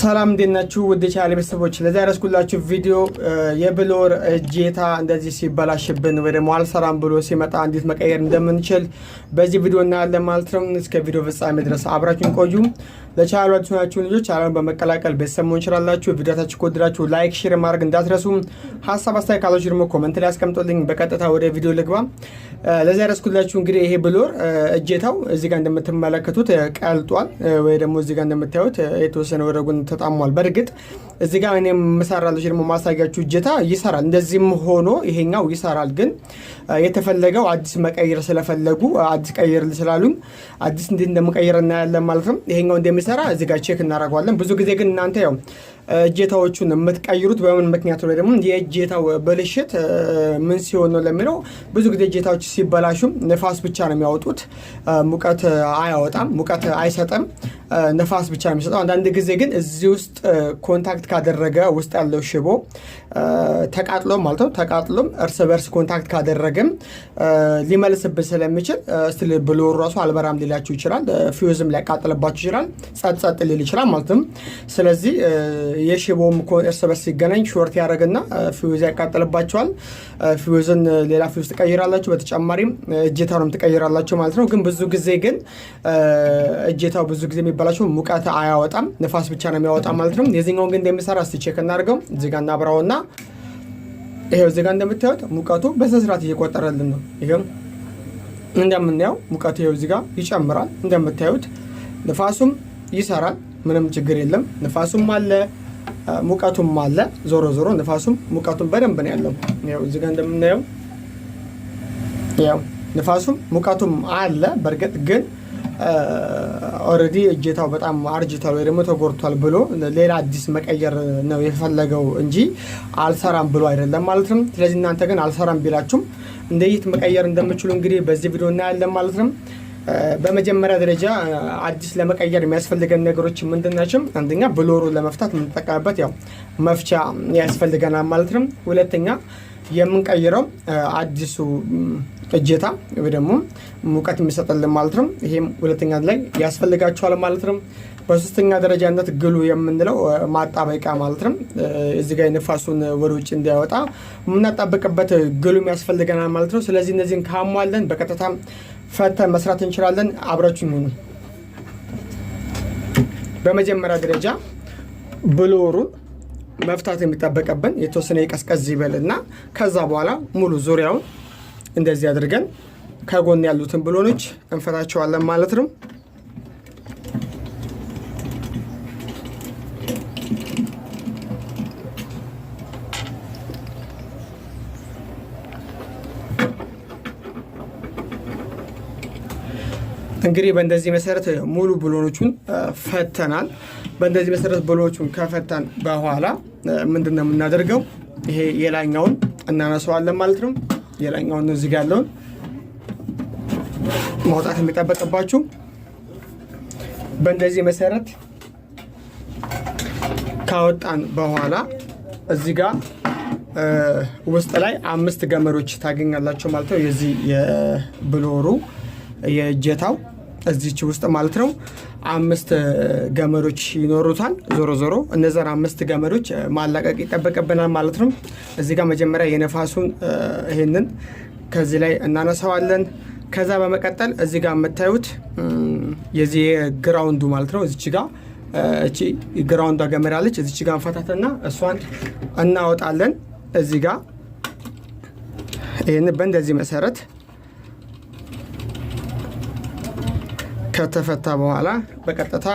ሰላም እንዴት ናችሁ? ውድ ቻናል ቤተሰቦች ለዚህ ያረስኩላችሁ ቪዲዮ የብሎር እጀታ እንደዚህ ሲበላሽብን ወይ ደግሞ አልሰራም ብሎ ሲመጣ እንዴት መቀየር እንደምንችል በዚህ ቪዲዮ እናያለን ማለት ነው። እስከ ቪዲዮ ፍጻሜ ድረስ አብራችሁን ቆዩ። ለቻናሉ አዲስ ሆናችሁ ልጆች ቻናሉን በመቀላቀል ቤተሰብ መሆን ይችላላችሁ። ቪዲዮታችሁ ከወደዳችሁ ላይክ፣ ሼር ማድረግ እንዳትረሱ። ሀሳብ አስተያየት ካላችሁ ደግሞ ኮመንት ላይ አስቀምጦልኝ። በቀጥታ ወደ ቪዲዮ ልግባ። ለዚህ ያረስኩላችሁ እንግዲህ ይሄ ብሎር እጀታው እዚህ ጋር እንደምትመለከቱት ቀልጧል፣ ወይ ደግሞ እዚህ ጋር እንደምታዩት የተወሰነ ወደጉን ተጣሟል። በእርግጥ እዚህ ጋር እኔ የምሰራልሽ ደግሞ ማሳያችሁ እጀታ ይሰራል። እንደዚህም ሆኖ ይሄኛው ይሰራል። ግን የተፈለገው አዲስ መቀየር ስለፈለጉ አዲስ ቀይር ስላሉኝ አዲስ እንዴት እንደምቀይር እናያለን ማለት ነው። ይሄኛው እንደሚሰራ እዚህ ጋር ቼክ እናደርገዋለን። ብዙ ጊዜ ግን እናንተ ያው እጀታዎቹን የምትቀይሩት በምን ምክንያቱ ላይ ደግሞ የእጀታው ብልሽት ምን ሲሆን ነው ለሚለው ብዙ ጊዜ እጀታዎች ሲበላሹም ንፋስ ብቻ ነው የሚያወጡት፣ ሙቀት አያወጣም፣ ሙቀት አይሰጥም። ነፋስ ብቻ ነው የሚሰጠው። አንዳንድ ጊዜ ግን እዚህ ውስጥ ኮንታክት ካደረገ ውስጥ ያለው ሽቦ ተቃጥሎም ማለት ነው ተቃጥሎም እርስ በርስ ኮንታክት ካደረግም ሊመልስብን ስለሚችል ስትል ብሎ ራሱ አልበራም ሊላችሁ ይችላል። ፊውዝም ሊያቃጥልባችሁ ይችላል። ጸጥጸጥ ሊል ይችላል ማለትም። ስለዚህ የሽቦም እርስ በርስ ሲገናኝ ሾርት ያደረግና ፊውዝ ያቃጥልባቸዋል። ፊውዝን ሌላ ፊውዝ ትቀይራላችሁ። በተጨማሪም እጀታውንም ትቀይራላችሁ ማለት ነው። ግን ብዙ ጊዜ ግን እጀታው ብዙ ጊዜ የሚባላቸው ሙቀት አያወጣም፣ ንፋስ ብቻ ነው የሚያወጣ ማለት ነው። የዚህኛውን ግን እንደሚሰራ እስቲ ቼክ እናድርገው። እዚጋ እና ይሄው እዚጋ እንደምታዩት ሙቀቱ በስነስርዓት እየቆጠረልን ነው። ይሄው እንደምናየው ሙቀቱ ይሄው እዚጋ ይጨምራል። እንደምታዩት ንፋሱም ይሰራል፣ ምንም ችግር የለም። ንፋሱም አለ ሙቀቱም አለ። ዞሮ ዞሮ ንፋሱም ሙቀቱም በደንብ ነው ያለው። ይኸው እዚጋ እንደምናየው ያው ንፋሱም ሙቀቱም አለ። በእርግጥ ግን ኦልሬዲ እጀታው በጣም አርጅቷል ወይ ደግሞ ተጎድቷል ብሎ ሌላ አዲስ መቀየር ነው የፈለገው እንጂ አልሰራም ብሎ አይደለም ማለት ነው። ስለዚህ እናንተ ግን አልሰራም ቢላችሁም እንደየት መቀየር እንደምችሉ እንግዲህ በዚህ ቪዲዮ እናያለን ማለት ነው። በመጀመሪያ ደረጃ አዲስ ለመቀየር የሚያስፈልገን ነገሮች ምንድን አንደኛ ብሎሩ ለመፍታት የምንጠቀምበት ያው መፍቻ ያስፈልገናል ማለት ነው። ሁለተኛ የምንቀይረው አዲሱ እጀታ ወይ ደግሞ ሙቀት የሚሰጠልን ማለት ነው። ይሄም ሁለተኛ ላይ ያስፈልጋቸዋል ማለት ነው። በሶስተኛ ደረጃነት ግሉ የምንለው ማጣበቂያ ማለት ነው። እዚህ ጋር ንፋሱን ወደ ውጭ እንዳይወጣ የምናጣበቅበት ግሉም ያስፈልገናል ማለት ነው። ስለዚህ እነዚህን ካሟለን በቀጥታ ፈተን መስራት እንችላለን። አብራችሁ ሆኑ። በመጀመሪያ ደረጃ ብሎሩን መፍታት የሚጠበቀብን የተወሰነ ይበል እና ከዛ በኋላ ሙሉ ዙሪያውን እንደዚህ አድርገን ከጎን ያሉትን ብሎኖች እንፈታቸዋለን ማለት ነው። እንግዲህ በእንደዚህ መሰረት ሙሉ ብሎኖቹን ፈተናል። በእንደዚህ መሰረት ብሎኖቹን ከፈተን በኋላ ምንድን ነው የምናደርገው? ይሄ የላኛውን እናነሰዋለን ማለት ነው። የላኛውን እዚህ ጋ ያለውን ማውጣት የሚጠበቅባችሁ በእንደዚህ መሰረት ካወጣን በኋላ እዚህ ጋር ውስጥ ላይ አምስት ገመዶች ታገኛላቸው ማለት ነው። የዚህ የብሎሩ የእጀታው እዚች ውስጥ ማለት ነው አምስት ገመዶች ይኖሩታል። ዞሮ ዞሮ እነዛን አምስት ገመዶች ማላቀቅ ይጠበቅብናል ማለት ነው። እዚህ ጋር መጀመሪያ የነፋሱን ይሄንን ከዚህ ላይ እናነሳዋለን። ከዛ በመቀጠል እዚህ ጋር የምታዩት የዚህ ግራውንዱ ማለት ነው እዚች ጋር እቺ ግራውንዷ ገመድ አለች። እዚች ጋር እንፈታትና እሷን እናወጣለን። እዚህ ጋር ይህን በእንደዚህ መሰረት ከተፈታ በኋላ በቀጥታ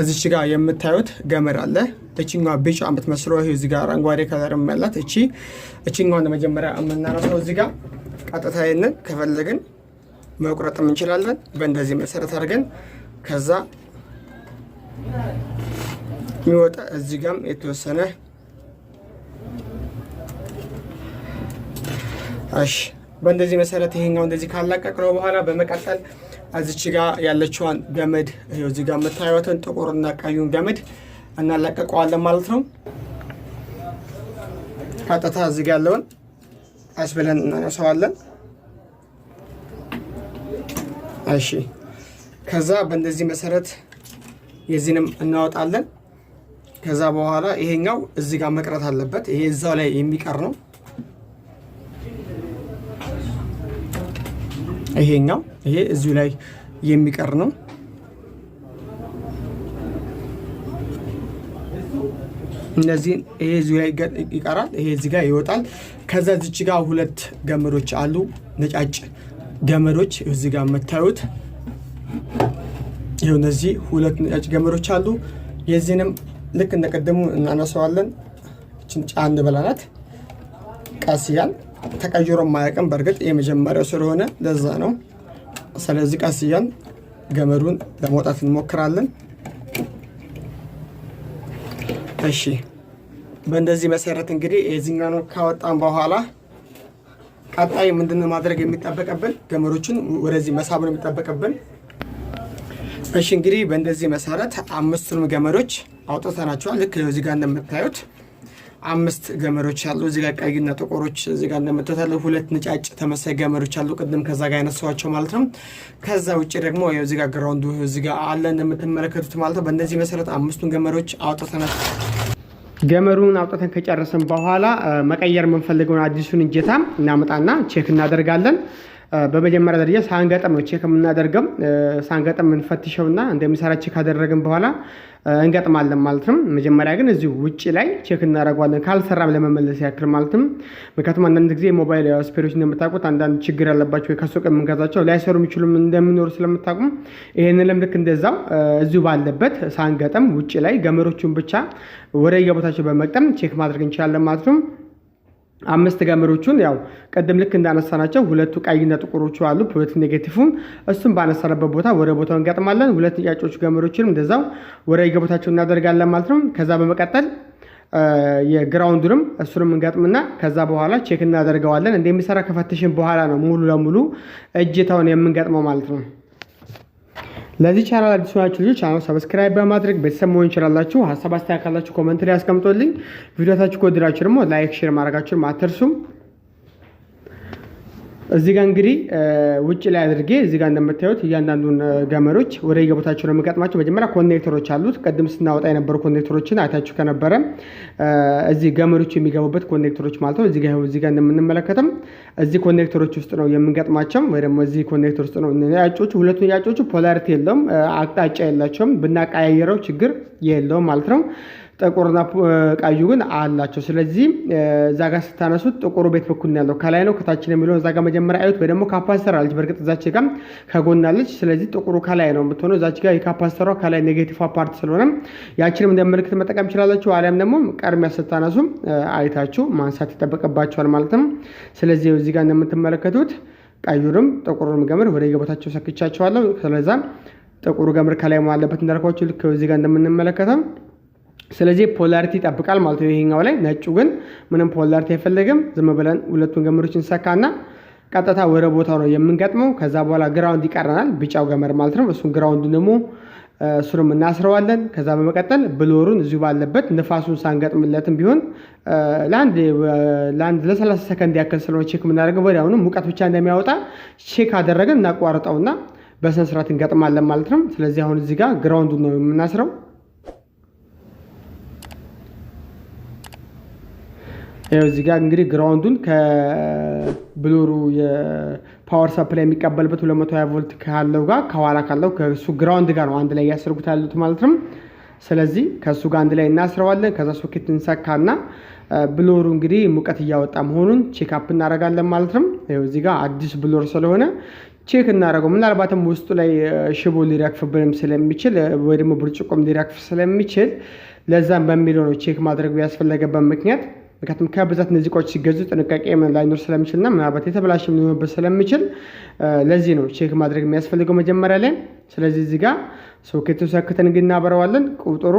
እዚች ጋር የምታዩት ገመድ አለ። እችኛዋ ቢጫ የምትመስለው ይሄ እዚህ ጋር አረንጓዴ ከለር ያላት እቺ እችኛዋን መጀመሪያ የምናረሰው እዚ ጋር ቀጥታ ይንን ከፈለግን መቁረጥም እንችላለን። በእንደዚህ መሰረት አድርገን ከዛ የሚወጣ እዚ ጋም የተወሰነ እሺ በእንደዚህ መሰረት ይሄኛው እንደዚህ ካላቀቅ ነው በኋላ በመቀጠል እዚች ጋ ያለችዋን ገመድ እዚህ ጋ የምታዩትን ጥቁርና ቀዩን ገመድ እናላቀቀዋለን ማለት ነው። ቀጥታ እዚህ ጋ ያለውን አስ ብለን እናነሳዋለን። እሺ፣ ከዛ በእንደዚህ መሰረት የዚህንም እናወጣለን። ከዛ በኋላ ይሄኛው እዚህ ጋር መቅረት አለበት። ይሄ እዛው ላይ የሚቀር ነው። ይሄኛው ይሄ እዚሁ ላይ የሚቀር ነው። እነዚህ ይሄ እዚሁ ላይ ይቀራል። ይሄ እዚህ ጋር ይወጣል። ከዛ እዚች ጋር ሁለት ገመዶች አሉ፣ ነጫጭ ገመዶች እዚህ ጋር የምታዩት ይኸው፣ እነዚህ ሁለት ነጫጭ ገመዶች አሉ። የዚህንም ልክ እንደቀደሙ እናነሰዋለን ጫን በላናት ቀስ እያልን ተቀይሮ ማያውቅም። በእርግጥ የመጀመሪያው ስለሆነ ለዛ ነው። ስለዚህ ቀስ እያል ገመዱን ለመውጣት እንሞክራለን። እሺ በእንደዚህ መሰረት እንግዲህ የዚህኛውን ካወጣን በኋላ ቀጣይ ምንድን ማድረግ የሚጠበቅብን ገመዶችን ወደዚህ መሳብ ነው የሚጠበቅብን። እሺ እንግዲህ በእንደዚህ መሰረት አምስቱንም ገመዶች አውጥተናቸዋል። ልክ እዚህ ጋር እንደምታዩት አምስት ገመዶች አሉ ጋር ቀይና ጥቁሮች ጋር እንደምታታለ ሁለት ነጫጭ ተመሳይ ገመዶች አሉ ቅድም ከዛ ጋር ያነሳዋቸው ማለት ነው። ከዛ ውጭ ደግሞ ጋር ግራውንዱ ጋር አለ እንደምትመለከቱት ማለት ነው። በእነዚህ መሰረት አምስቱን ገመዶች አውጥተናል። ገመሩን አውጥተን ከጨረስን በኋላ መቀየር የምንፈልገውን አዲሱን እጀታ እናመጣና ቼክ እናደርጋለን። በመጀመሪያ ደረጃ ሳንገጠም ነው ቼክ የምናደርገው። ሳንገጥም እንፈትሸውና እንደሚሰራ ቼክ ካደረግን በኋላ እንገጥማለን ነው መጀመሪያ ግን እዚሁ ውጭ ላይ ቼክ እናደርገዋለን፣ ካልሰራም ለመመለስ ያክል ማለትም። ምክንያቱም አንዳንድ ጊዜ ሞባይል ስፔሮች እንደምታውቁት አንዳንድ ችግር ያለባቸው ከሱቅ የምንገዛቸው ላይሰሩ የሚችሉም እንደሚኖሩ ስለምታውቁ ይህንንም ልክ እንደዛው እዚሁ ባለበት ሳንገጠም ውጭ ላይ ገመሮቹን ብቻ ወደ የቦታቸው በመቅጠም ቼክ ማድረግ እንችላለን ማለት ነው። አምስት ገመዶቹን ያው ቀደም ልክ እንዳነሳናቸው ሁለቱ ቀይና ጥቁሮቹ አሉ ፖዘቲቭ ኔጌቲቭም እሱም ባነሳንበት ቦታ ወደ ቦታው እንገጥማለን። ሁለት ነጫጮቹ ገመዶችንም እንደዛው ወደ የገቦታቸው እናደርጋለን ማለት ነው። ከዛ በመቀጠል የግራውንዱንም እሱንም እንገጥምና ከዛ በኋላ ቼክ እናደርገዋለን። እንደሚሰራ ከፈተሽን በኋላ ነው ሙሉ ለሙሉ እጅታውን የምንገጥመው ማለት ነው። ለዚህ ቻናል አዲስ ሆናችሁ ልጆች ቻናል ሰብስክራይብ በማድረግ ቤተሰብ መሆን ይችላላችሁ። ሀሳብ አስተያየት ካላችሁ ኮመንት ላይ አስቀምጦልኝ። ቪዲዮታችሁ ከወደዳችሁ ደግሞ ላይክ፣ ሼር ማድረጋችሁን አትርሱም። እዚህ ጋር እንግዲህ ውጭ ላይ አድርጌ እዚህ ጋር እንደምታዩት እያንዳንዱን ገመዶች ወደ የቦታቸው ነው የሚቀጥማቸው። መጀመሪያ ኮኔክተሮች አሉት። ቀድም ስናወጣ የነበሩ ኮኔክተሮችን አይታችሁ ከነበረ እዚህ ገመዶች የሚገቡበት ኮኔክተሮች ማለት ነው። እዚህ ጋር እዚህ ጋር እንደምንመለከትም እዚህ ኮኔክተሮች ውስጥ ነው የምንገጥማቸው፣ ወይ ደግሞ እዚህ ኮኔክተር ውስጥ ነው ያጮቹ። ሁለቱ ያጮቹ ፖላሪቲ የለውም፣ አቅጣጫ የላቸውም። ብናቀያየረው ችግር የለውም ማለት ነው። ጥቁርና ቀዩ ግን አላቸው። ስለዚህ እዛ ጋር ስታነሱት ጥቁሩ ቤት በኩል ያለው ከላይ ነው ከታችን ነው የሚለውን እዛ ጋር መጀመሪያ አዩት። ወይ ደግሞ ካፓስተር አለች። በእርግጥ እዛች ጋር ከጎናለች። ስለዚህ ጥቁሩ ከላይ ነው የምትሆነው። እዛች ጋር የካፓስተሯ ከላይ ኔጌቲቭ ፓርት ስለሆነ ያችንም እንደ ምልክት መጠቀም ይችላላችሁ። አሊያም ደግሞ ቀድሚያ ስታነሱ አይታችሁ ማንሳት ይጠበቅባቸዋል ማለት ነው። ስለዚህ እዚህ ጋር እንደምትመለከቱት ቀዩንም ጥቁሩንም ገመድ ወደ የቦታቸው ሰክቻቸዋለሁ። ስለዛ ጥቁሩ ገመድ ከላይ ማለበት እንዳልኳቸው ልክ እዚህ ጋር እንደምንመለከተው ስለዚህ ፖላሪቲ ይጠብቃል ማለት ነው። ይሄኛው ላይ ነጩ ግን ምንም ፖላሪቲ አይፈልግም። ዝም ብለን ሁለቱን ገመዶች እንሰካና ቀጥታ ወደ ቦታው ነው የምንገጥመው። ከዛ በኋላ ግራውንድ ይቀረናል፣ ቢጫው ገመድ ማለት ነው። እሱን ግራውንድ ደግሞ እሱንም እናስረዋለን። ከዛ በመቀጠል ብሎሩን እዚሁ ባለበት ንፋሱን ሳንገጥምለትም ቢሆን ለአንድ ለሰላሳ ሰከንድ ያክል ስለሆነ ቼክ የምናደርገው ወዲያውኑ ሙቀት ብቻ እንደሚያወጣ ቼክ አደረገን እናቋርጠውና በስነስርዓት እንገጥማለን ማለት ነው። ስለዚህ አሁን እዚህ ጋር ግራውንዱ ነው የምናስረው። ያው እዚህ ጋር እንግዲህ ግራውንዱን ከብሎሩ የፓወር ሰፕላይ የሚቀበልበት 220 ቮልት ካለው ጋር ከኋላ ካለው ከሱ ግራውንድ ጋር ነው አንድ ላይ እያስርጉት ያሉት ማለት ነው። ስለዚህ ከእሱ ጋር አንድ ላይ እናስረዋለን። ከዛ ሶኬት እንሰካና ብሎሩ እንግዲህ ሙቀት እያወጣ መሆኑን ቼክ አፕ እናደርጋለን ማለት ነው። ይኸው እዚህ ጋር አዲስ ብሎር ስለሆነ ቼክ እናደርገው። ምናልባትም ውስጡ ላይ ሽቦ ሊረክፍብንም ስለሚችል ወይ ደግሞ ብርጭቆም ሊረክፍ ስለሚችል ለዛም በሚለው ነው ቼክ ማድረግ ያስፈለገበት ምክንያት ምክንያቱም ከብዛት እነዚህ እቃዎች ሲገዙ ጥንቃቄ ላይኖር ስለሚችል ና ምናልባት የተበላሸ ሊሆንበት ስለሚችል ለዚህ ነው ቼክ ማድረግ የሚያስፈልገው መጀመሪያ ላይ። ስለዚህ እዚህ ጋር ሶኬቱ ሰክተን እንግዲህ እናበረዋለን። ቁጥሩ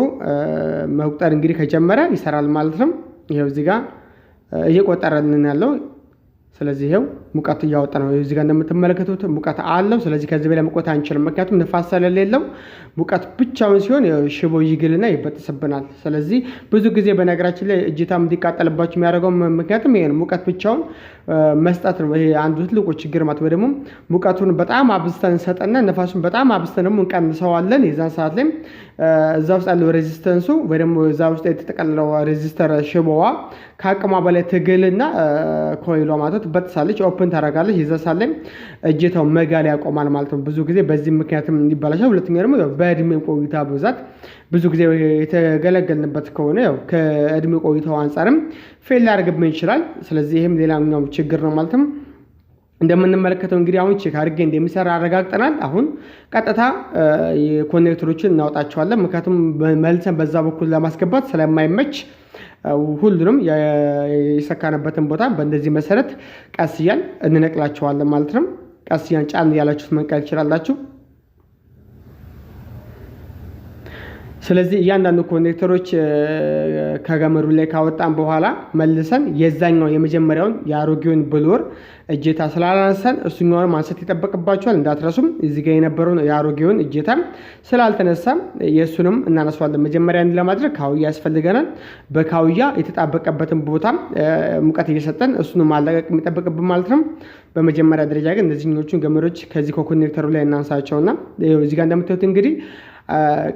መቁጠር እንግዲህ ከጀመረ ይሰራል ማለት ነው። ይኸው እዚህ ጋር እየቆጠረልን ያለው ስለዚህ ይኸው ሙቀት እያወጣ ነው። እዚህ ጋር እንደምትመለከቱት ሙቀት አለው። ስለዚህ ከዚህ በላይ መቆየት አንችልም፣ ምክንያቱም ንፋስ ስለሌለው። ሙቀት ብቻውን ሲሆን ሽቦ ይግልና ይበጥስብናል። ስለዚህ ብዙ ጊዜ በነገራችን ላይ እጅታ እንዲቃጠልባቸው የሚያደርገው ምክንያቱም ይሄ ነው። ሙቀት ብቻውን መስጠት ነው። ይሄ አንዱ ትልቁ ችግር ማለት ወይ ደግሞ ሙቀቱን በጣም አብዝተን እንሰጠና ነፋሱን በጣም አብዝተን ደግሞ እንቀንሰዋለን። የዛን ሰዓት ላይም እዛ ውስጥ ያለው ሬዚስተንሱ ወይ ደግሞ እዛ ውስጥ የተጠቀለለው ሬዚስተር ሽቦዋ ከአቅሟ በላይ ትግልና ኮይሏ ማለት ትበጥሳለች፣ ኦፕን ታደርጋለች፣ ይዘሳለኝ እጀታው መጋል ያቆማል ማለት ነው። ብዙ ጊዜ በዚህ ምክንያትም ይባላሻል። ሁለተኛ ደግሞ በእድሜ ቆይታ ብዛት ብዙ ጊዜ የተገለገልንበት ከሆነ ያው ከእድሜ ቆይታው አንጻርም ፌል ሊያደርግብን ይችላል። ስለዚህ ይህም ሌላኛው ችግር ነው ማለትም እንደምንመለከተው እንግዲህ አሁን ቼክ አድርጌ እንደሚሰራ አረጋግጠናል። አሁን ቀጥታ ኮኔክተሮችን እናወጣቸዋለን። ምክንያቱም መልሰን በዛ በኩል ለማስገባት ስለማይመች ሁሉንም የሰካንበትን ቦታ በእንደዚህ መሰረት ቀስያን እንነቅላቸዋለን ማለት ነው። ቀስያን ጫን ያላችሁት መንቀል ይችላላችሁ። ስለዚህ እያንዳንዱ ኮኔክተሮች ከገመዱ ላይ ካወጣን በኋላ መልሰን የዛኛው የመጀመሪያውን የአሮጌውን ብሎር እጀታ ስላላነሳን እሱኛውን ማንሳት ይጠበቅባቸዋል። እንዳትረሱም እዚህ ጋር የነበረውን የአሮጌውን እጀታ ስላልተነሳ የእሱንም እናነሷለን። መጀመሪያ ለማድረግ ካውያ ያስፈልገናል። በካውያ የተጣበቀበትን ቦታ ሙቀት እየሰጠን እሱን ማለቀቅ የሚጠበቅብን ማለት ነው። በመጀመሪያ ደረጃ ግን እነዚህኞቹን ገመዶች ከዚህ ከኮኔክተሩ ላይ እናንሳቸውና እዚጋ ጋር እንደምታዩት እንግዲህ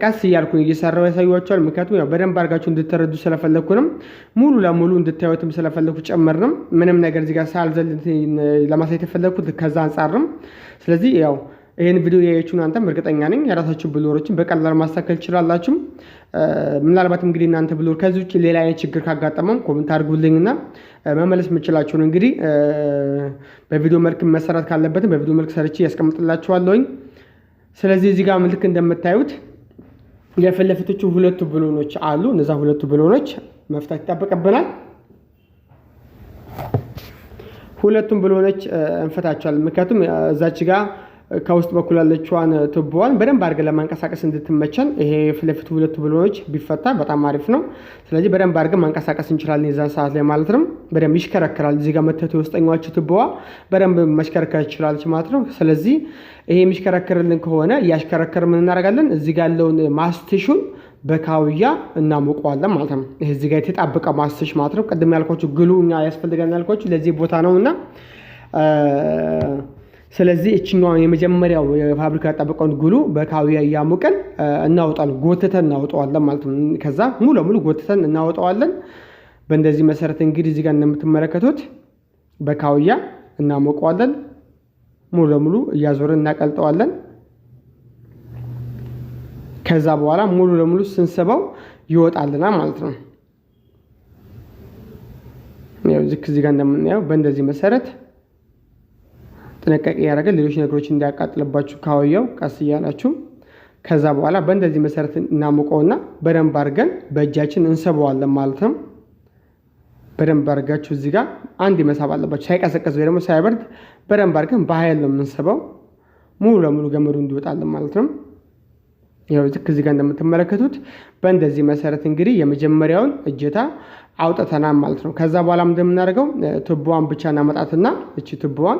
ቀስ እያልኩኝ እየሰራው ያሳዩቸዋል። ምክንያቱም ያው በደንብ አድርጋችሁ እንድትረዱ ስለፈለግኩንም ሙሉ ለሙሉ እንድታዩትም ስለፈለግኩ ጭምርንም ምንም ነገር እዚህ ሳልዘል ለማሳየት የፈለግኩት ከዛ አንጻርም። ስለዚህ ያው ይህን ቪዲዮ ያየችሁን አንተም እርግጠኛ ነኝ የራሳችሁ ብሎሮችን በቀላል ማስተካከል ትችላላችሁ። ምናልባት እንግዲህ እናንተ ብሎር ከዚህ ውጭ ሌላ አይነት ችግር ካጋጠመም ኮሜንት አድርጉልኝና መመለስ የምችላችሁን እንግዲህ በቪዲዮ መልክ መሰራት ካለበትም በቪዲዮ መልክ ሰርቼ ያስቀምጥላችኋለሁኝ። ስለዚህ እዚህ ጋር ልክ እንደምታዩት የፊት ለፊቶቹ ሁለቱ ብሎኖች አሉ። እነዛ ሁለቱ ብሎኖች መፍታት ይጠበቅብናል። ሁለቱም ብሎኖች እንፈታቸዋል። ምክንያቱም እዛች ጋር ከውስጥ በኩል ያለችዋን ቱቦዋን በደንብ አድርገን ለማንቀሳቀስ እንድትመቸን ይሄ ፊት ለፊቱ ሁለት ብሎኖች ቢፈታ በጣም አሪፍ ነው። ስለዚህ በደንብ አድርገን ማንቀሳቀስ እንችላለን የዛን ሰዓት ላይ ማለት ነው። በደንብ ይሽከረከራል። እዚህ ጋር መተቱ የውስጠኛዋች ቱቦዋ በደንብ መሽከረከር ይችላለች ማለት ነው። ስለዚህ ይሄ የሚሽከረከርልን ከሆነ እያሽከረከር ምን እናደርጋለን? እዚህ ጋር ያለውን ማስትሹን በካውያ እናሞቀዋለን ማለት ነው። ይህ እዚህ ጋር የተጣበቀ ማስትሽ ማለት ነው። ቅድም ያልኳችሁ ግሉ ያስፈልገን ያልኳችሁ ለዚህ ቦታ ነው እና ስለዚህ እችኛዋ የመጀመሪያው የፋብሪካ ጠበቀውን ጉሉ በካውያ እያሞቀን እናወጣለን፣ ጎትተን እናወጣዋለን ማለት ነው። ከዛ ሙሉ ለሙሉ ጎትተን እናወጣዋለን። በእንደዚህ መሰረት እንግዲህ እዚህ ጋር እንደምትመለከቱት በካውያ እናሞቀዋለን። ሙሉ ለሙሉ እያዞርን እናቀልጠዋለን። ከዛ በኋላ ሙሉ ለሙሉ ስንስበው ይወጣልና ማለት ነው። ያው እዚህ ጋር እንደምናየው በእንደዚህ መሰረት ጥንቃቄ ያደረገ ሌሎች ነገሮች እንዳያቃጥልባችሁ ካወያው ቀስ እያላችሁ ከዛ በኋላ በእንደዚህ መሰረት እናሞቀውና በደንብ አድርገን በእጃችን እንሰበዋለን ማለት ነው። በደንብ አድርጋችሁ እዚህ ጋር አንድ መሳብ አለባችሁ። ሳይቀሰቀስ ወይ ደግሞ ሳይበርድ በደንብ አድርገን በኃይል ነው የምንሰበው፣ ሙሉ ለሙሉ ገመዱ እንዲወጣለን ማለት ነው። ያው ዝክ እዚህ ጋር እንደምትመለከቱት በእንደዚህ መሰረት እንግዲህ የመጀመሪያውን እጀታ አውጥተናል ማለት ነው። ከዛ በኋላ እንደምናደርገው ቱቦዋን ብቻ እናመጣትና እቺ ቱቦዋን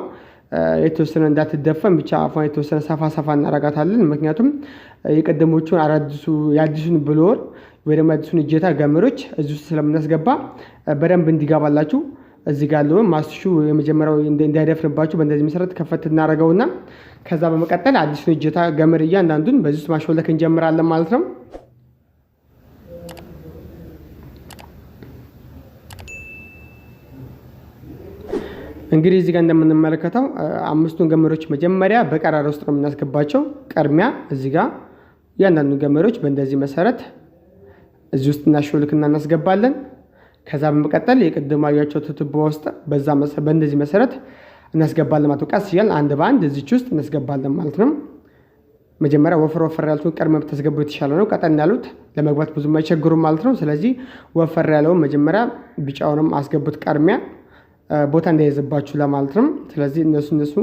የተወሰነ እንዳትደፈን ብቻ አፏን የተወሰነ ሰፋ ሰፋ እናረጋታለን። ምክንያቱም የቀደሞቹን አዳዲሱ የአዲሱን ብሎወር ወይ ደግሞ አዲሱን እጀታ ገመሮች እዚ ውስጥ ስለምናስገባ በደንብ እንዲገባላችሁ እዚህ ጋር ለሆን ማስሹ የመጀመሪያው እንዳይደፍርባችሁ በእንደዚህ መሰረት ከፈት እናደረገውና ከዛ በመቀጠል አዲሱን እጀታ ገመር እያንዳንዱን በዚህ ውስጥ ማሾለክ እንጀምራለን ማለት ነው። እንግዲህ እዚህ ጋር እንደምንመለከተው አምስቱን ገመዶች መጀመሪያ በቀራር ውስጥ ነው የምናስገባቸው። ቀድሚያ እዚህ ጋር እያንዳንዱን ገመዶች በእንደዚህ መሰረት እዚህ ውስጥ እናሾልክና እናስገባለን። ከዛ በመቀጠል የቅድም አያቸው ትትቦ ውስጥ በእንደዚህ መሰረት እናስገባለን ማለት ነው። ቀስ እያልን አንድ በአንድ እዚች ውስጥ እናስገባለን ማለት ነው። መጀመሪያ ወፈር ወፈር ያሉትን ቀድመ ብታስገቡ የተሻለ ነው። ቀጠን ያሉት ለመግባት ብዙም አይቸግሩም ማለት ነው። ስለዚህ ወፈር ያለውን መጀመሪያ ቢጫውንም አስገቡት ቀድሚያ ቦታ እንዳይዘባችሁ ለማለት ነው። ስለዚህ እነሱ እነሱ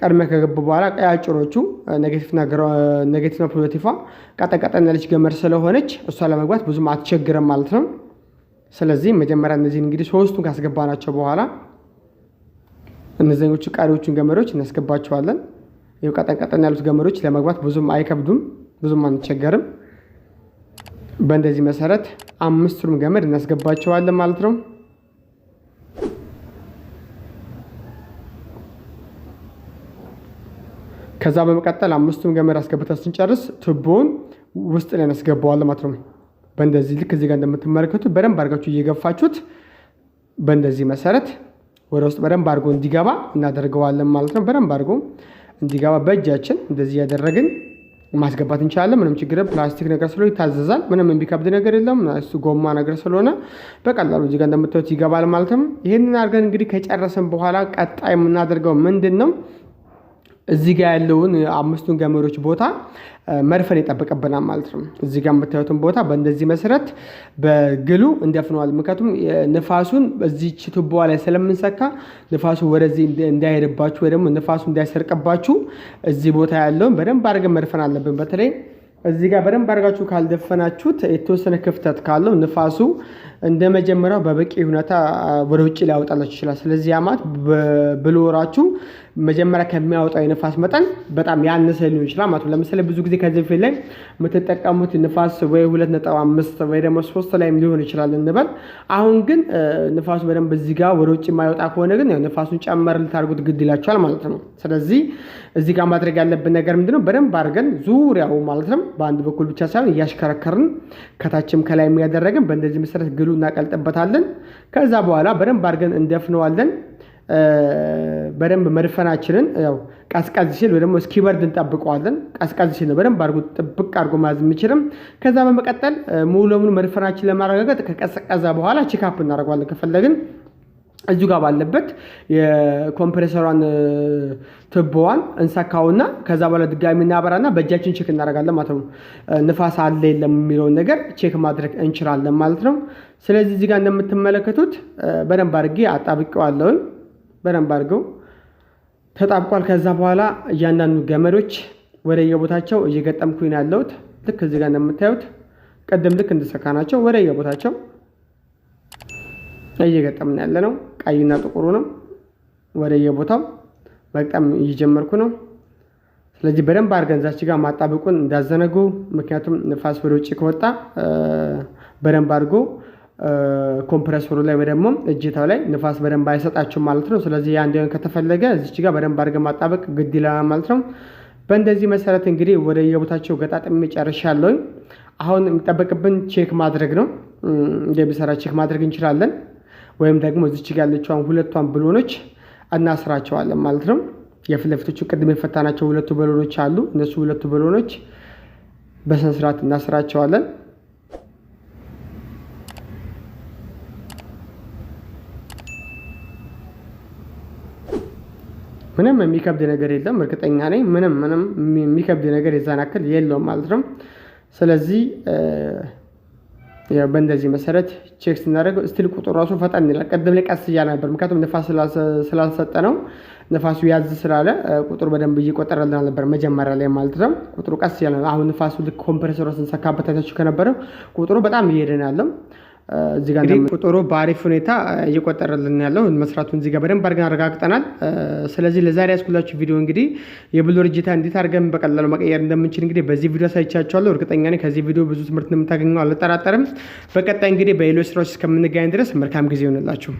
ቀድመ ከገቡ በኋላ ቀይ አጭሮቹ ኔጌቲቭና ፖዘቲቫ ቀጠቀጠን ያለች ገመድ ስለሆነች እሷ ለመግባት ብዙም አትቸግርም ማለት ነው። ስለዚህ መጀመሪያ እነዚህን እንግዲህ ሶስቱን ካስገባናቸው በኋላ እነዚኞቹ ቀሪዎቹን ገመዶች እናስገባቸዋለን። ይኸው ቀጠንቀጠን ያሉት ገመዶች ለመግባት ብዙም አይከብዱም፣ ብዙም አንቸገርም። በእንደዚህ መሰረት አምስቱንም ገመድ እናስገባቸዋለን ማለት ነው። ከዛ በመቀጠል አምስቱን ገመድ አስገብተን ስንጨርስ ቱቦውን ውስጥ ላይ እናስገባዋለን ማለት ነው። በእንደዚህ ልክ እዚህ ጋር እንደምትመለከቱት በደንብ አድርጋችሁ እየገፋችሁት በእንደዚህ መሰረት ወደ ውስጥ በደንብ አድርጎ እንዲገባ እናደርገዋለን ማለት ነው። በደንብ አድርጎ እንዲገባ በእጃችን እንደዚህ እያደረግን ማስገባት እንችላለን። ምንም ችግር ፕላስቲክ ነገር ስለሆነ ይታዘዛል። ምንም የሚከብድ ነገር የለም። እሱ ጎማ ነገር ስለሆነ በቀላሉ እዚጋ እንደምታዩት ይገባል ማለት ነው። ይህንን አድርገን እንግዲህ ከጨረስን በኋላ ቀጣይ የምናደርገው ምንድን ነው? እዚህ ጋር ያለውን አምስቱን ገመዶች ቦታ መድፈን ይጠበቅብናል ማለት ነው። እዚህ ጋር የምታዩትን ቦታ በእንደዚህ መሰረት በግሉ እንደፍነዋል። ምክንያቱም ንፋሱን እዚች ቱቦ ላይ ስለምንሰካ ንፋሱ ወደዚህ እንዳይሄድባችሁ ወይ ደግሞ ንፋሱ እንዳይሰርቅባችሁ እዚህ ቦታ ያለውን በደንብ አድርገን መድፈን አለብን። በተለይ እዚህ ጋር በደንብ አድርጋችሁ ካልደፈናችሁት የተወሰነ ክፍተት ካለው ንፋሱ እንደ መጀመሪያው በበቂ ሁኔታ ወደ ውጭ ሊያወጣላችሁ ይችላል። ስለዚህ አማት ብልወራችሁ መጀመሪያ ከሚያወጣው የንፋስ መጠን በጣም ያነሰ ሊሆን ይችላል ማለት ለምሳሌ ብዙ ጊዜ ከዚህ ፊት ላይ የምትጠቀሙት ንፋስ ወይ ሁለት ነጥብ አምስት ወይ ደግሞ ሶስት ላይም ሊሆን ይችላል እንበል። አሁን ግን ንፋሱ በደንብ እዚህ ጋር ወደ ውጭ የማይወጣ ከሆነ ግን ንፋሱን ጨመር ልታደርጉት ግድ ይላቸዋል ማለት ነው። ስለዚህ እዚህ ጋር ማድረግ ያለብን ነገር ምንድነው? በደንብ አድርገን ዙሪያው ማለት ነው በአንድ በኩል ብቻ ሳይሆን እያሽከረከርን ከታችም ከላይ የሚያደረግን በእንደዚህ መሰረት ብሉ እናቀልጥበታለን። ከዛ በኋላ በደንብ አድርገን እንደፍነዋለን። በደንብ መድፈናችንን ያው ቀዝቀዝ ሲል ወይ ደግሞ እስኪበርድ እንጠብቀዋለን። ቀዝቀዝ ሲል ነው በደንብ አድርጎ ጥብቅ አድርጎ መያዝ የምችልም። ከዛ በመቀጠል ሙሉ ለሙሉ መድፈናችን ለማረጋገጥ ከቀዘቀዘ በኋላ ቺካፕ እናደርገዋለን ከፈለግን እዚሁ ጋር ባለበት የኮምፕሬሰሯን ትቦዋን እንሰካውና ከዛ በኋላ ድጋሚ እናበራና በእጃችን ቼክ እናደርጋለን ማለት ነው። ንፋስ አለ የለም የሚለውን ነገር ቼክ ማድረግ እንችላለን ማለት ነው። ስለዚህ እዚህ ጋር እንደምትመለከቱት በደንብ አድርጌ አጣብቄዋለሁኝ። በደንብ አድርገው ተጣብቋል። ከዛ በኋላ እያንዳንዱ ገመዶች ወደ የቦታቸው እየገጠምኩኝ ያለሁት ልክ እዚህ ጋር እንደምታዩት ቅድም ልክ እንድሰካ ናቸው ወደ የቦታቸው እየገጠምን ያለ ነው። ቀይና ጥቁሩ ነው። የቦታው መግጠም እየጀመርኩ ነው። ስለዚህ በደንብ አድርገን እዛች ጋር ማጣበቁን እንዳዘነጉ፣ ምክንያቱም ንፋስ ወደ ውጭ ከወጣ በደንብ አድርጎ ኮምፕረሰሩ ላይ ወይ ደግሞ እጀታው ላይ ንፋስ በደንብ አይሰጣችሁም ማለት ነው። ስለዚህ ያ እንዲሆን ከተፈለገ እዚች ጋር በደንብ አድርገን ማጣበቅ ግድ ይለናል ማለት ነው። በእንደዚህ መሰረት እንግዲህ ወደ የቦታቸው ገጣጥሜ ጨርሻለሁኝ። አሁን የሚጠበቅብን ቼክ ማድረግ ነው። እንደሚሰራ ቼክ ማድረግ እንችላለን። ወይም ደግሞ እዚች ጋ ያለችዋን ሁለቷን ብሎኖች እናስራቸዋለን ማለት ነው። የፊት ለፊቶቹ ቅድም የፈታናቸው ሁለቱ በሎኖች አሉ። እነሱ ሁለቱ በሎኖች በስነስርት እናስራቸዋለን። ምንም የሚከብድ ነገር የለም። እርግጠኛ ነኝ ምንም ምንም የሚከብድ ነገር የዛን ያክል የለውም ማለት ነው። ስለዚህ በእንደዚህ መሰረት ቼክ ስናደርግ ስቲል ቁጥሩ ራሱ ፈጠን ይላል። ቀደም ላይ ቀስ እያለ ነበር፣ ምክንያቱም ንፋስ ስላልሰጠ ነው። ንፋሱ ያዝ ስላለ ቁጥሩ በደንብ እየቆጠረልን አልነበር፣ መጀመሪያ ላይ ማለት ነው። ቁጥሩ ቀስ እያለ አሁን ንፋሱ ልክ ኮምፕሬሰሮ ስንሰካበት አይታችሁ ከነበረ ቁጥሩ በጣም እየሄደን ያለው እዚህ ቁጥሩ በአሪፍ ሁኔታ እየቆጠረልን ያለው መስራቱን እዚህ በደንብ አድርገን አረጋግጠናል። ስለዚህ ለዛሬ ያስኩላችሁ ቪዲዮ እንግዲህ የብሎ እርጅታ እንዴት አድርገን በቀላሉ መቀየር እንደምንችል እንግዲህ በዚህ ቪዲዮ አሳይቻችኋለሁ። እርግጠኛ ነኝ ከዚህ ቪዲዮ ብዙ ትምህርት እንደምታገኘው አልጠራጠርም። በቀጣይ እንግዲህ በሌሎች ስራዎች እስከምንገናኝ ድረስ መልካም ጊዜ ይሆንላችሁ።